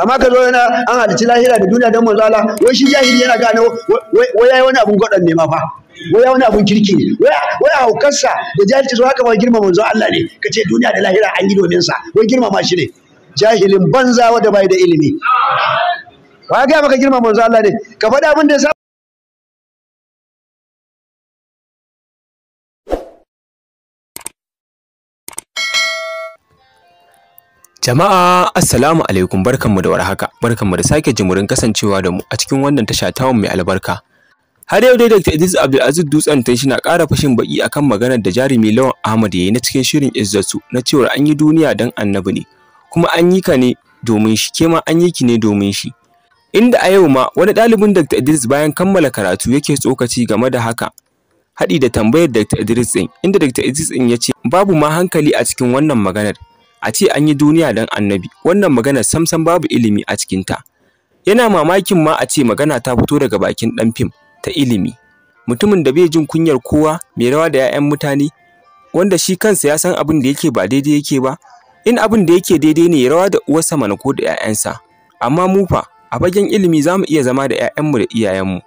amma ka zo yana an halicci lahira da duniya don manzo wai shi jahili yana gane wai yayi wani abun gwadan ne ma fa wai wani abun kirki ne wai haukarsa da jahilci zo haka ba girma manzo Allah ne ka ce duniya da lahira an yi domin sa wai girma ma shi ne jahilin banza wanda bai da ilimi wa ga maka girma manzo Allah ne ka faɗa abin da Jama'a assalamu alaikum barkanmu da warhaka barkanmu da sake jimurin kasancewa da mu a cikin wannan tasha tawon mai albarka har yau dai Dr. Idris Abdulaziz Dutsen ta shi na ƙara fashin baki akan maganar da jarumi Lawan Ahmad ya yi na cikin shirin Izzatu na cewa an yi duniya dan annabi ne kuma an yi ka ne domin shi ke ma an yi ki ne domin shi inda a yau ma wani ɗalibin Dr. Idris bayan kammala karatu yake tsokaci game da haka haɗi da tambayar Dr. Idris ɗin inda Dr. Idris ɗin ya ce babu ma hankali a cikin wannan maganar a ce an yi duniya don annabi wannan magana samsam babu ilimi a cikinta yana mamakin ma a ce magana ta fito daga bakin ɗan fim ta ilimi mutumin da bai jin kunyar kowa mai rawa da 'ya'yan mutane wanda shi kansa ya san abin da yake ba daidai yake ba in abin da yake daidai ne ya rawa da uwarsa mana ko da 'ya'yansa amma mu fa a fagen ilimi za mu iya zama da 'ya'yanmu da iyayenmu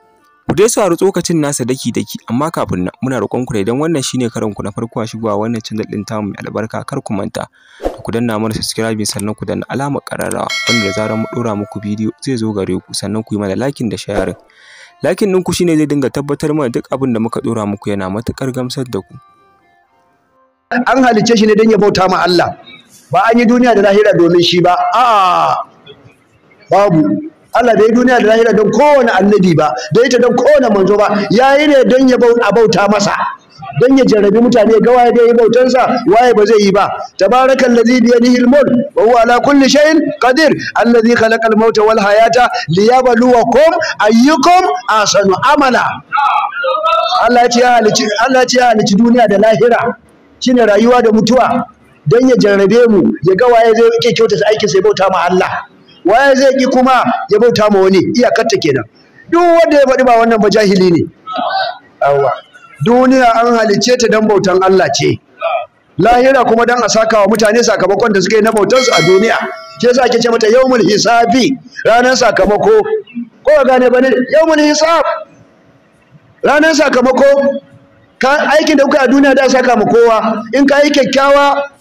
Ku dai haru tsokacin nasa daki-daki amma kafin nan muna roƙon ku da idan wannan shine karon ku na farko a shigowa wannan channel din tamu mai albarka kar ku manta da ku danna mana subscribe sannan ku danna alamar ƙararrawa wanda da zarar mu ɗora muku bidiyo zai zo gare ku sannan ku yi mana liking da sharing. Liking ku shine zai dinga tabbatar mana duk abin da muka ɗora muku yana matuƙar gamsar da ku. An halicce shi ne don ya bauta ma Allah ba an yi duniya da lahira domin shi ba a'a babu Allah bai duniya da lahira don kowane annabi ba da ita don kowane manzo ba yayi ne don ya bauta masa don ya jarrabi mutane ga waye da yi bautansa waye ba zai yi ba tabarakal ladzi bi yadihi al mulk wa huwa ala kulli shay'in qadir alladhi khalaqa al mauta wal hayata liyabluwakum ayyukum ahsanu amala Allah ya halici Allah ya halici duniya da lahira shine rayuwa da mutuwa don ya jarrabe mu ya ga waye zai kyautata aikin sai bauta ma Allah waye zai ki kuma ya bauta ma wani iyakar ta kenan duk wanda ya faɗi ba wannan ba jahili ne yawa duniya an halice ta dan bautan Allah ce lahira kuma dan a saka wa mutane sakamakon da suka yi na su a duniya ke yasa ake ce mata yawmul hisabi ranar sakamako ko ga gane bane yawmul hisab ranar sakamako ka aikin da kuka a duniya da saka mu kowa in ka yi kyakkyawa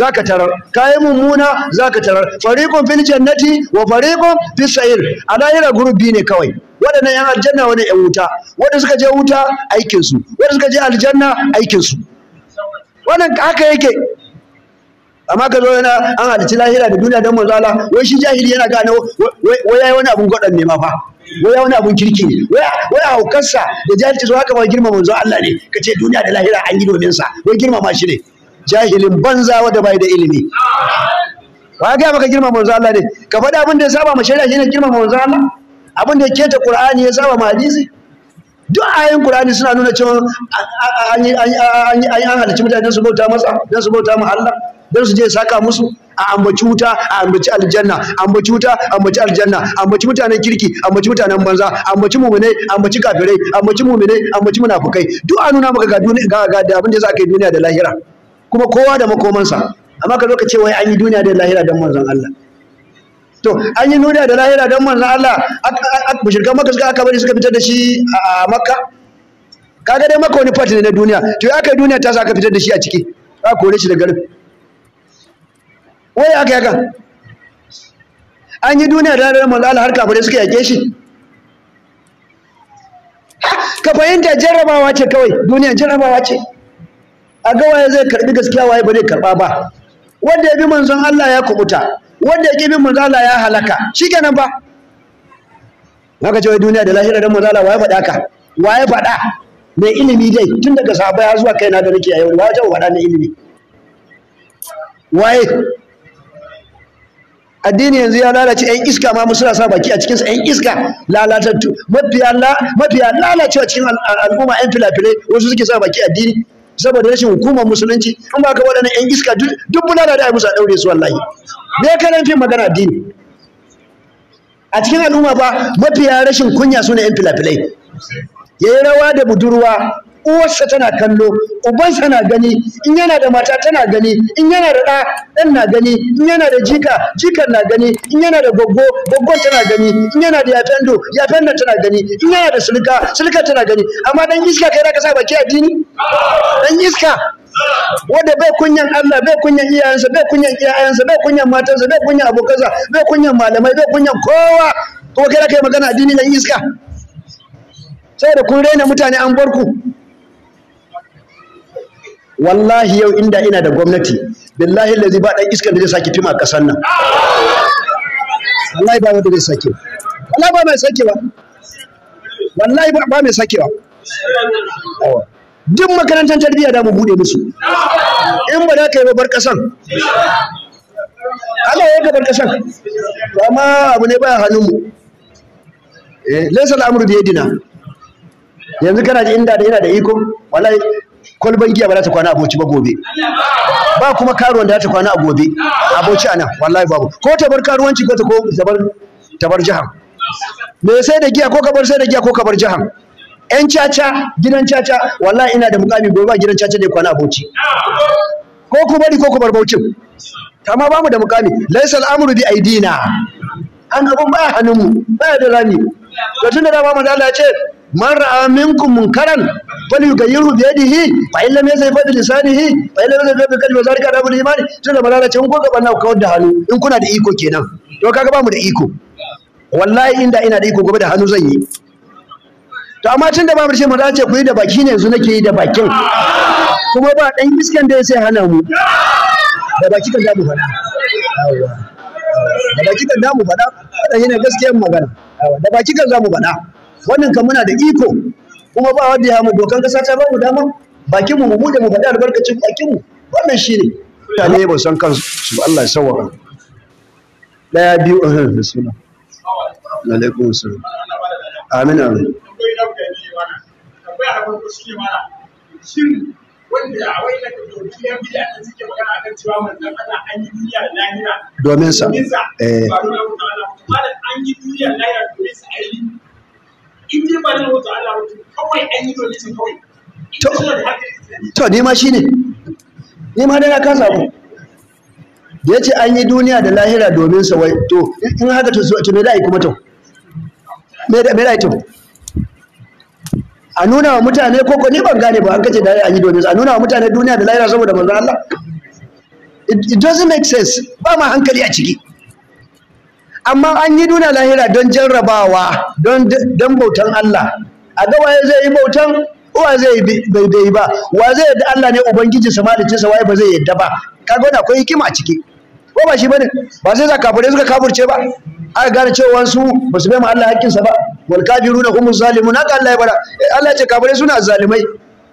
zaka tarar kayan mummuna zaka tarar fariqun fil jannati wa fariqun fis sa'ir a lahira gurbi ne kawai waɗannan yan aljanna wani yan wuta wanda suka je wuta aikin su wanda suka je aljanna aikin su wannan haka yake amma ka zo yana an halici lahira da duniya don manzo wai shi jahili yana gane wai yayi wani abun gwadan ne ma fa wai wani abun kirki ne wai haukarsa da jahilci zo haka ba girma manzo Allah ne kace duniya da lahira an yi domin sa wai girma ma shi ne jahilin banza wanda bai da ilimi ba ga maka girma manzo Allah ne ka faɗi abin da ya saba ma shari'a shine girma manzo Allah abin da yake keta Qur'ani ya saba ma hadisi duk ayoyin Qur'ani suna nuna cewa an an halicci mutane su bauta masa don su bauta ma Allah dan su je saka musu a ambaci wuta a ambaci aljanna ambaci wuta ambaci aljanna ambaci mutanen kirki ambaci mutanen banza ambaci muminai ambaci kafirai ambaci muminai ambaci munafukai duk an nuna maka ga duniya ga abin da za ka yi duniya da lahira kuma kowa da makomansa amma ka zo ka ce wai an yi duniya da lahira don manzon Allah to an yi duniya da lahira don manzon Allah mushrikan maka suka aka bari suka fitar da shi a makka kaga dai maka wani fati ne na duniya to ya kai duniya ta sa ka fitar da shi a ciki ka kore shi da garin wai aka yakan an yi duniya da lahira manzon Allah har kafirai suka yake shi ka fahimta jarrabawa ce kawai duniya jarrabawa ce a ga waye zai karbi gaskiya waye ba zai karba ba wanda ya bi manzon Allah ya kubuta wanda ya bi manzon Allah ya halaka shikenan ba naga cewa duniya da lahira dan manzon Allah waye faɗa ka waye faɗa mai ilimi dai tun daga sahaba ya zuwa kaina da nake a yau waye ta faɗa na ilimi waye addini yanzu ya lalace ɗan iska ma mu suna sa baki a cikin sa iska lalatattu mafiya lalacewa cikin al'umma ɗan filafilai wasu suke sa baki addini saboda rashin hukumar musulunci in ba ka waɗannan 'yan iska duk bulala da ai musu a ɗaure su wallahi me ya fi magana addini a cikin al'umma ba mafiya rashin kunya su ne 'yan filafilai ya rawa da budurwa uwarsa tana kallo ubansa na gani in yana da mata tana gani in yana da ɗa ɗan na gani in yana da jika jikan na gani in yana da goggo goggon tana gani in yana da yafendo yafendo tana gani in yana da sulka sulka tana gani amma dan iska kai zaka sa baki addini dan iska wanda bai kunyan Allah bai kunyan iyayensa bai kunyan iyayensa bai kunyan matansa bai kunyan abokansa bai kunyan malamai bai kunyan kowa kuma kai da kai magana addini dan iska sai da kun raina mutane an barku wallahi yau inda ina da gwamnati billahi lazi ba dan iskan da zai saki fima kasan nan wallahi ba wanda zai sake wallahi ba mai sakewa wallahi ba mai sakewa duk makarantar tarbiyya da mu bude musu in ba da kai ba bar kasan Allah ya gabar kasan amma abu ne baya hannun mu eh laysa al-amru bi yadina yanzu kana ji inda da ina da iko wallahi kwalban giya ba za ta kwana aboci ba gobe ba kuma karuwan da za ta kwana a gobe aboci ana wallahi babu ko ta bar karuwanci ko ta ko ta bar jihar me sai da giya ko ka bar sai da giya ko ka bar jihar yan caca gidan caca wallahi ina da mukami gobe ba gidan caca da kwana aboci ko ku bari ko ku bar baucin amma ba mu da mukami Laisal amru bi aidina an abun ba mu ba da rami to tunda da ba mu da Allah ya ce من رأى منكم منكرا فليغيره بيده فإن لم in lam yastati fa bi lisanihi fa in lam yastati bi qalbi zalika adabu al-iman tunda malala ce ko gaban nan kawar da hannu in kuna da iko kenan to kaga ba da iko wallahi inda ina da iko gobe da hannu zan yi to amma tun da ce mu ku yi da baki kan damu mu da baki kan damu da yana gaskiyar magana da baki kan damu mu wannan kan muna da iko kuma ba wanda ya mu dokan kasa ta ba mu dama bakin mu mu bude mu faɗi albarkacin bakin mu wannan shine mutane ba san kansu su Allah ya sawara daya biyu bismillah eh, eh, alaikum assalam amin amin na yan bidiya da suke domin sa eh in dai ba da wata Allah wato kawai an yi donation kawai to ni ma shi ne, ni ma dana kasa mu Ya ce an yi duniya da lahira domin sa wai to in haka to to me da kuma to me da me da to a nuna wa mutane koko ni ban gane ba an kace da an yi domin a nuna wa mutane duniya da lahira saboda manzo Allah it doesn't make sense ba ma hankali a ciki amma an yi nuna lahira don jarrabawa don bautan Allah a ga waye zai yi bautan uwa zai bai daidai ba wa zai yadda Allah ne ubangiji sa malicin sa waye ba zai yadda ba kaga wannan akwai hikima a ciki ko ba shi bane ba zai za kafure suka kafurce ba aka gane cewa wasu ba su bai ma Allah hakkin sa ba wal kafiruna humu zalimun haka Allah ya bara eh, Allah ya ce kafure suna zalimai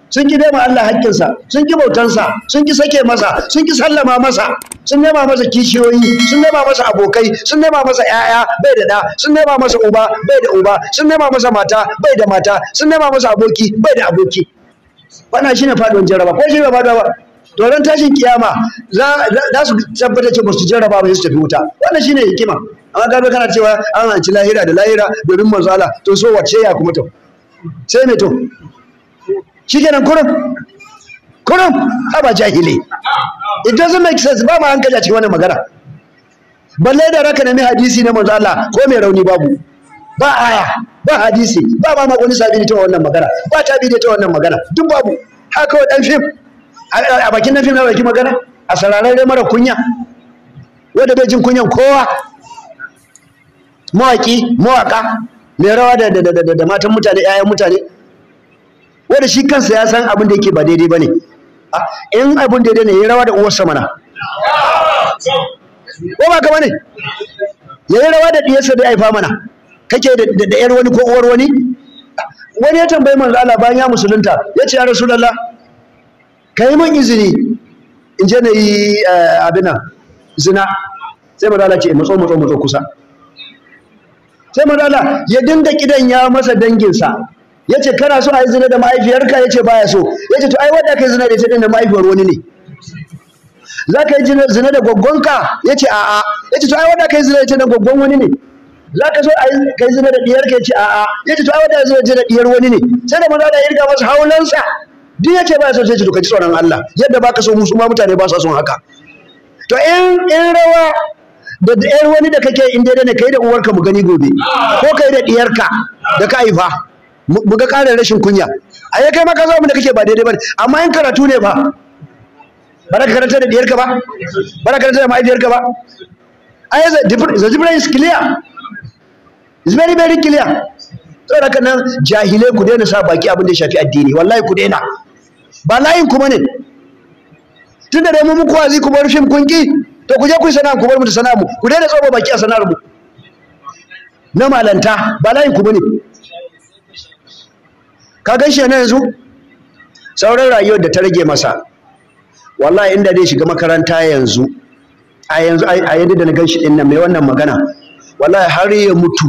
sun ki nema Allah hakkinsa sun ki bautansa sun ki sake masa sun ki sallama masa sun nema masa kishiyoyi sun nema masa abokai sun nema masa yaya bai da da sun nema masa uba bai da uba sun nema masa mata bai da mata sun nema masa aboki bai da aboki wannan shine faduwar jaraba ko shine faduwa ba to ran tashin kiyama za su tabbata cewa su jaraba ba su tafi wuta wannan shine hikima amma gaba kana cewa an hanci lahira da lahira domin manzo Allah to so wace ya kuma to sai me to shikenan kurum kurum haba jahili it doesn't make sense ba ma hankali a cikin wannan magana balle da raka mai hadisi na manzo Allah ko mai rauni babu ba aya ba hadisi ba ba ma wani sabi ta wannan magana ba ta bi ta wannan magana duk babu haka wa dan fim a bakin nan fim na bakin magana a sararren mara kunya wanda bai jin kunyan kowa mawaki mawaka mai rawa da da da matan mutane 'ya'yan mutane wanda shi kansa ya san abin da yake ba daidai bane in abin daidai ne ya rawa da uwarsa mana ko ba ka bane ya yi rawa da diyarsa da aifa haifa mana kake da yar wani ko uwar wani wani ya tambayi manzo Allah bayan ya musulunta ya ce ya rasulullah kai min izini in je na yi eh, abin nan zina sai manzo Allah ce matso matso matso kusa sai manzo Allah ya dinga kidan ya masa danginsa yace kana so a yi zina da mahaifiyarka yace baya so yace to ai wanda kai zina da ita din da mahaifiyar wani ne za ka yi zina da gwaggonka yace a'a yace to ai wanda kai zina da ita da gwaggon wani ne za ka so ka yi zina da diyarka yace a'a yace to ai wanda zina da diyar wani ne sai da maza da irga masa haulansa duk yace baya so sai ce to ka ji tsoron Allah yadda baka so musu ma mutane ba sa son haka to in in rawa da ɗayar wani da kake in da ne kai da uwarka mu gani gobe ko kai da diyarka da ka haifa mu ga ƙarin rashin kunya ai kai ma ka zo abin da kake ba daidai bane amma in karatu ne fa Ba ka karanta da diyarka ba Ba ka karanta da mahaifiyarka ba ai the difference is clear is very very clear to da nan jahilai ku daina sa baki abin da ya shafi addini wallahi ku daina ba layin kuma ne tunda da mu muku wazi ku bar fim kunki, to ku je ku sana ku bar mu ta sana'a mu ku daina tsoba baki a sana'ar mu na malanta ba layin kuma ne. ka gan shi yanzu sauran rayuwar da ta rage masa wallahi inda zai shiga makaranta yanzu a yanzu a yadda da na gan shi din nan mai wannan magana wallahi har ya mutu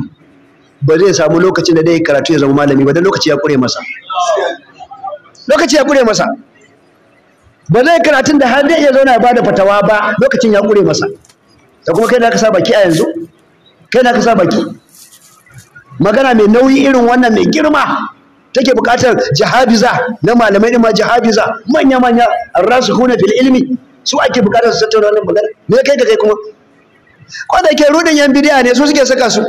ba zai samu lokacin da zai karatu ya zama malami ba dan lokaci ya kure masa lokaci ya kure masa ba zai karatun da har zai iya zauna ya bada fatawa ba lokacin ya kure masa da kuma kai na ka sa baki a yanzu kai na ka sa baki magana mai nauyi irin wannan mai girma take buƙatar jahabiza na malamai ɗin ma jahabiza manya manya huna fil ilmi su ake buƙatar su tattauna wannan magana me kai da kai kuma ko da ke rudin yan bidiya ne su suke saka su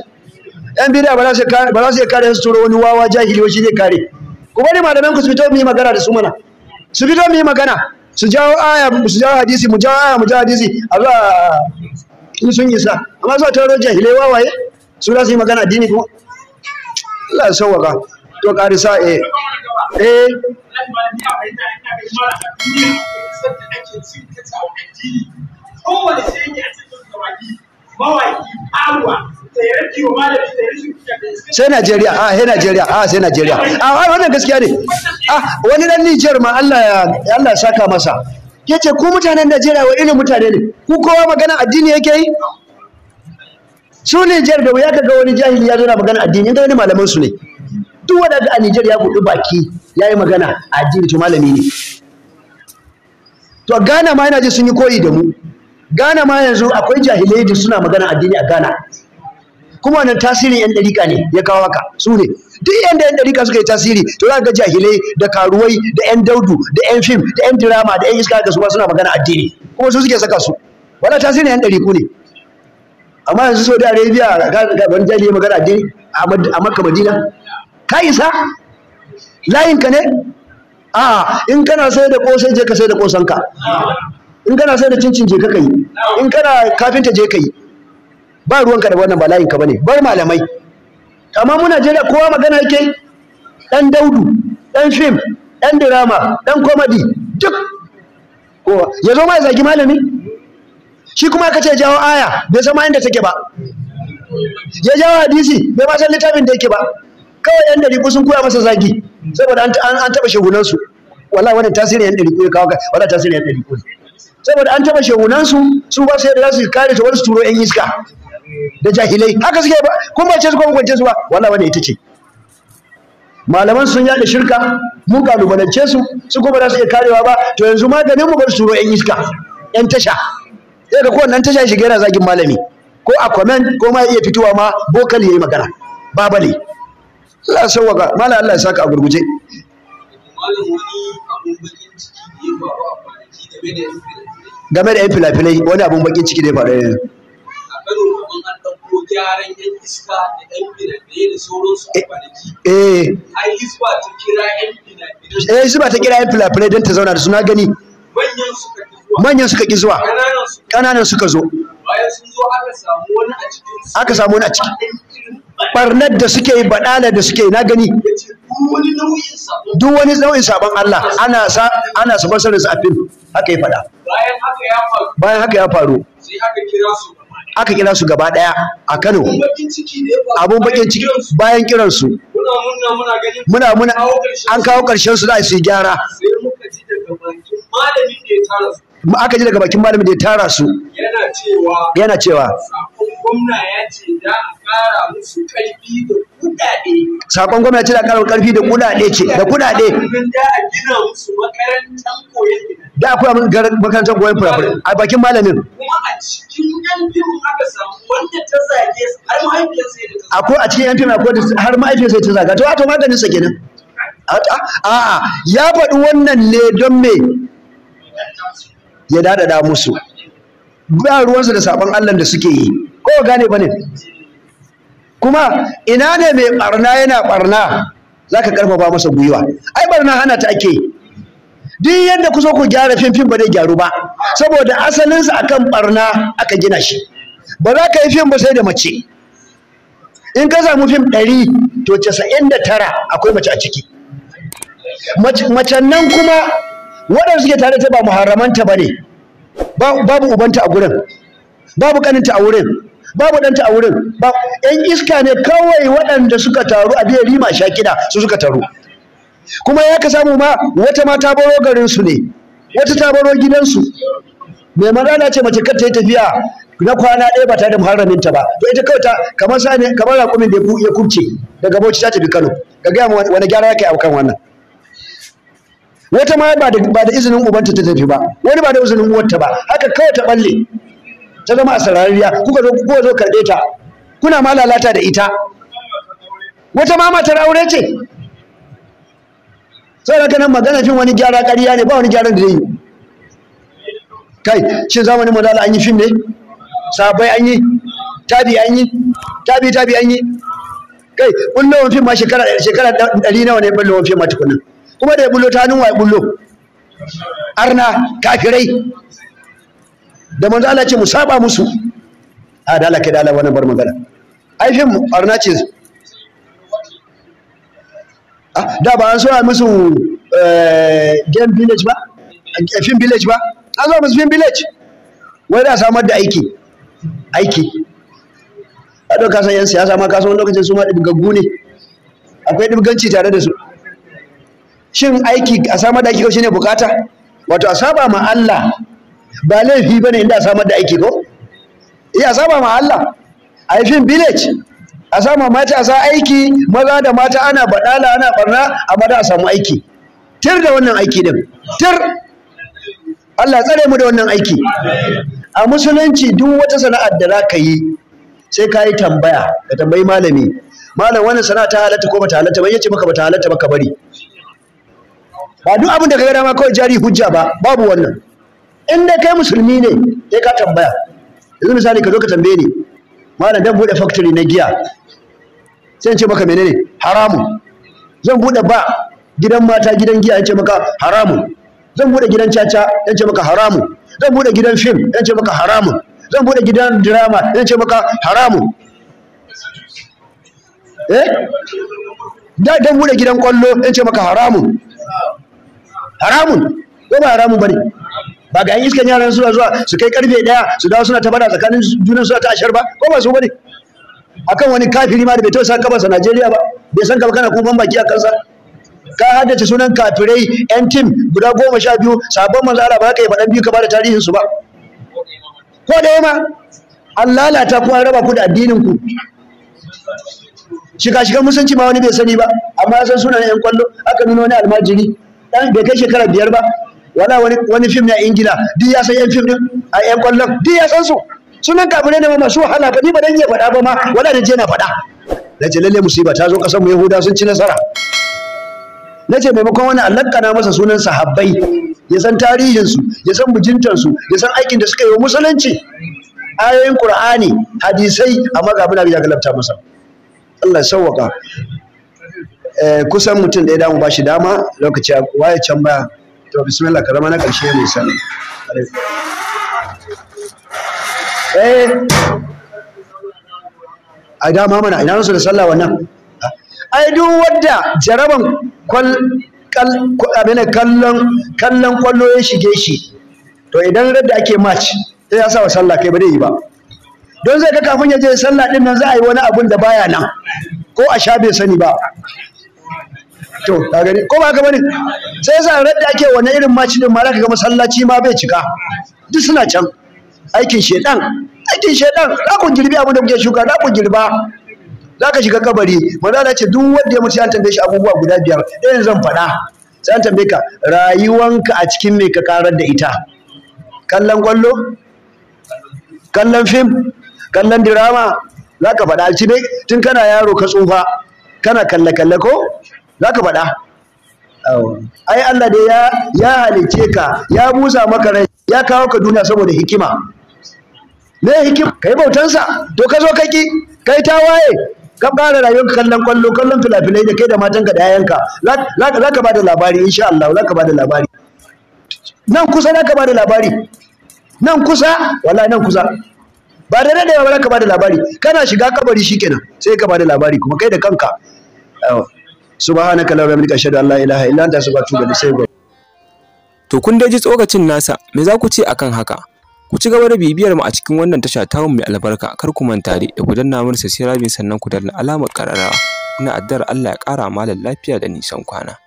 yan bidiya ba za su ba za su kare su turo wani wawa jahili wani zai kare ku bari malaman ku su fito mu yi magana da su mana su fito mu yi magana su jawo aya su jawo hadisi mu jawo aya mu jawo hadisi Allah in sun isa amma su taro jahilai wawaye su za su yi magana addini kuma Allah ya sauwaka to karisa eh e. sai Najeriya ah, a ah, sai Najeriya a ah, sai Najeriya a wannan gaskiya ne ah wani dan Niger ma Allah ya Allah saka masa yace ku mutanen Najeriya wa irin mutane ne ku kowa magana addini yake yi su Niger da wuya kaga wani jahili ya zo na magana addini inda wani malaman su ne duk wanda ga a Nijar ya buɗi baki ya yi magana a addini to malami ne to Ghana ma yana ji sun yi koyi da mu Ghana ma yanzu akwai jahilai da suna magana addini a Ghana kuma wannan tasirin yan ɗarika ne ya kawo haka su ne duk da yan ɗarika suka yi tasiri to za ga jahilai da karuwai da yan daudu da yan fim da yan drama da yan iska ga su ma suna magana addini kuma su suke saka su wannan tasirin yan ɗariku ne amma yanzu Saudi Arabia ga ban jali magana addini a Makka Madina ka isa layinka ne a in kana sai da kosai je ka sai da kosanka in kana sai da cincin je ka kai in kana kafinta je ka yi ba ruwanka da wannan ba layinka bane bar malamai amma mu da kowa magana yake dan daudu dan film dan drama dan comedy duk kowa ya zo ma ya zagi malami shi kuma aka ce jawo aya bai san ma inda take ba ya jawo hadisi bai ma san littafin da yake ba kawai yan dari sun koya masa zagi saboda an taɓa shagunansu wala wallahi wannan tasirin yan dari ya kawo wallahi tasirin yan dari saboda an taɓa shagunansu su ba sai da za su kare su wani su turo yan iska da jahilai haka suke ba kun ba ce su ko kwance su ba wala wani ita ce malaman sun yada shirka mun kalubalance su su kuma za su iya karewa ba to yanzu maganin mu bar su turo yan iska yan tasha sai ga kowannan tasha shiga yana zagin malami ko a comment ko ma iya fitowa ma bokal yayi magana babale Allah sawwaka mala Allah ya saka a gurguje game da yan filafilai wani abun bakin ciki da ya faru yanzu eh. Eh, eh. Ai ta kira yan Eh ta kira yan filafilai don ta zauna da suna gani. Manyan suka ki zuwa. suka Ƙananan suka zo. Bayan sun zo aka samu wani a cikin. Aka samu wani a ciki. barnar da suke yi baɗala da suke yi na gani duk wani nau'in sabon Allah ana sa ana su basar su a fil haka ya faɗa bayan haka ya faru aka kira su gaba daya a Kano abun bakin ciki bayan kiran su muna muna an kawo karshen su za su yi gyara aka ji daga bakin malamin da ya tara su yana cewa gwamna ya ce za a ƙara musu ƙarfi da kudade. Sakon gwamna ce za a ƙara ƙarfi da kudade ce da kudade. Da a gina musu makarantar koyon Da a koya musu makarantar koyon fura a bakin malamin. Kuma a cikin yan fim aka samu wanda ta zage har mahaifiyarsa ya ta zage. Akwai a cikin yan fim akwai har mahaifiyarsa ya ta zaga to wato maganinsa kenan. A'a ya faɗi wannan ne don me ya dadada musu. ba ruwansa da sabon Allah da suke yi ko gane ba kuma ina ne mai barna yana barna za ka karfafa masa gwiwa ai barna hana ta ake duk yadda ku so ku gyara fimfim ba zai gyaru ba saboda asalinsa akan barna aka gina shi ba za ka yi fim ba sai da mace in ka samu fim ɗari to casa'in da tara akwai mace a ciki macen nan kuma waɗanda suke tare ta ba muharramanta ba ne babu ubanta a gurin babu kaninta a wurin babu ɗanta a wurin ba yan iska ne kawai waɗanda suka taru a biyar rima sha kida su suka taru kuma ya ka samu ma wata ma taboro ne wata taboro gidansu mai magana ce mace kar ta yi tafiya na kwana ɗaya ba tare da muharraminta ba to ita kawai ta kamar ne kamar raƙumin da ya kubce daga Bauchi ta tafi Kano ka gaya ma wani gyara ya kai a kan wannan wata ma ba da izinin ubanta ta tafi ba wani ba da izinin uwarta ba haka kawai ta balle ta zama asarariya kuka zo kuka zo karɓe ta kuna ma lalata da ita wata ma matar aure ce sai da nan magana fim wani gyara ƙarya ne ba wani gyaran da zai yi kai shin zamanin madala an yi fim ne sabai an yi tabi an yi tabi tabi an yi kai bullowar fim ma shekara shekara ɗari nawa ne bullowar fim ma tukuna kuma da ya bullo ta hannun wa ya bullo arna kafirai da manzo Allah ce mu saba musu a da Allah kai da Allah wannan bar magana ai fim arna ce da ba an so a musu eh, game village ba eh, fim village ba an zo musu fim village wai da samar da aiki aiki a doka san yan siyasa ma kasuwan lokacin su ma ɗibgaggu ne akwai ɗibganci tare da su shin aiki a samar da aiki kawai shine bukata wato a saba ma Allah ba laifi bane inda a samar da aiki ko eh a saba ma Allah a yi fin village a sama mata a sa aiki maza da mata ana badala ana barna a bada a samu aiki tir da wannan aiki din tir Allah tsare mu da wannan aiki a musulunci duk wata sana'ar da za ka yi sai ka yi tambaya ka tambayi malami malam wannan sana'a ta halatta ko bata halatta ba yace maka bata halatta ba ka bari ba duk abin da ka ga dama kawai jari hujja ba babu wannan in dai kai musulmi ne sai ka tambaya yanzu misali ka zo ka tambaye ni malam dan bude factory na giya sai in ce maka menene haramu zan bude ba gidan mata gidan giya in ce maka haramu zan bude gidan caca in ce maka haramu zan bude gidan film in ce maka haramu zan bude gidan drama in ce maka haramu eh da dan bude gidan kwallo in ce maka haramu haramun ko ba haramun bane ba ga yan iskan yaran suna zuwa su kai karfe daya su dawo suna ta tsakanin junan suna ta ashar ba ko ba su bane akan wani kafiri ma da bai tausa kabarsa Najeriya ba bai san kaba kana kuma baki a kansa ka haddace sunan kafirai yan tim guda goma sha biyu sabon manzo Allah ba ka yi faɗan biyu ka da tarihin su ba ko da ma an lalata ku an raba ku da addinin ku shiga shiga musanci ma wani bai sani ba amma ya san sunan yan kwallo aka nuna wani almajiri dan bai kai shekara biyar ba wala wani wani film na ingila duk ya san yan film din a yan kwallon duk ya san su sunan kafire ne ma su wahala ba ni ba dan ya faɗa ba ma wala da je na faɗa na ce lalle musiba ta zo ƙasar mu yahuda sun ci nasara na ce maimakon wani na masa sunan sahabbai ya san su ya san su ya san aikin da suka yi wa musulunci ayoyin qur'ani hadisai amma ga abin da ya galabta masa Allah sauwaka eh, kusan mutum da ya damu ba shi dama lokaci waye can baya to bismillah karama na karshe ne sallah eh a dama mana ina nasu da sallah wannan ai duk wadda jaraban kwal kallon kallon kwallo ya shige shi to idan radda ake match sai ya sa wa sallah kai ba zai yi ba don zai ga kafin ya je sallah din nan za a yi wani abun da baya nan ko a sha bai sani ba to ka gani ko ba ka bane sai yasa radda ake wannan irin maci din ma zaka ga masallaci ma bai cika duk suna can aikin shedan aikin shedan za ku girbi abin da kuke shuka za ku girba za ka shiga kabari manzala ce duk wanda ya mutu ya tambaye shi abubuwa guda biyar ɗayan zan faɗa sai an tambaye ka rayuwanka a cikin me ka karar da ita kallon kwallo kallon fim kallon dirama za ka faɗa tun kana yaro ka tsufa kana kalle kalle ko za ka faɗa ai Allah dai ya ya halice ka ya busa maka rai ya kawo ka duniya saboda hikima me hikima kai bautansa to ka zo ka ki kai ta waye ka fara rayuwarka kallon kwallo kallon filafilai da kai da matanka da yayanka za ka bada labari insha Allah za ka bada labari nan kusa za ka bada labari nan kusa wallahi nan kusa ba da daɗewa ba za ka bada labari kana shiga kabari shikenan sai ka bada labari kuma kai da kanka subhanaka allahumma wa bihamdika ashhadu an la ilaha illa anta astaghfiruka wa atubu to kun dai ji tsokacin nasa me za ku ce akan haka ku ci gaba da bibiyar mu a cikin wannan tasha ta mai albarka kar ku manta da ku danna mana subscribe sannan ku danna alamar karara ina addar Allah ya kara malam lafiya da nisan kwana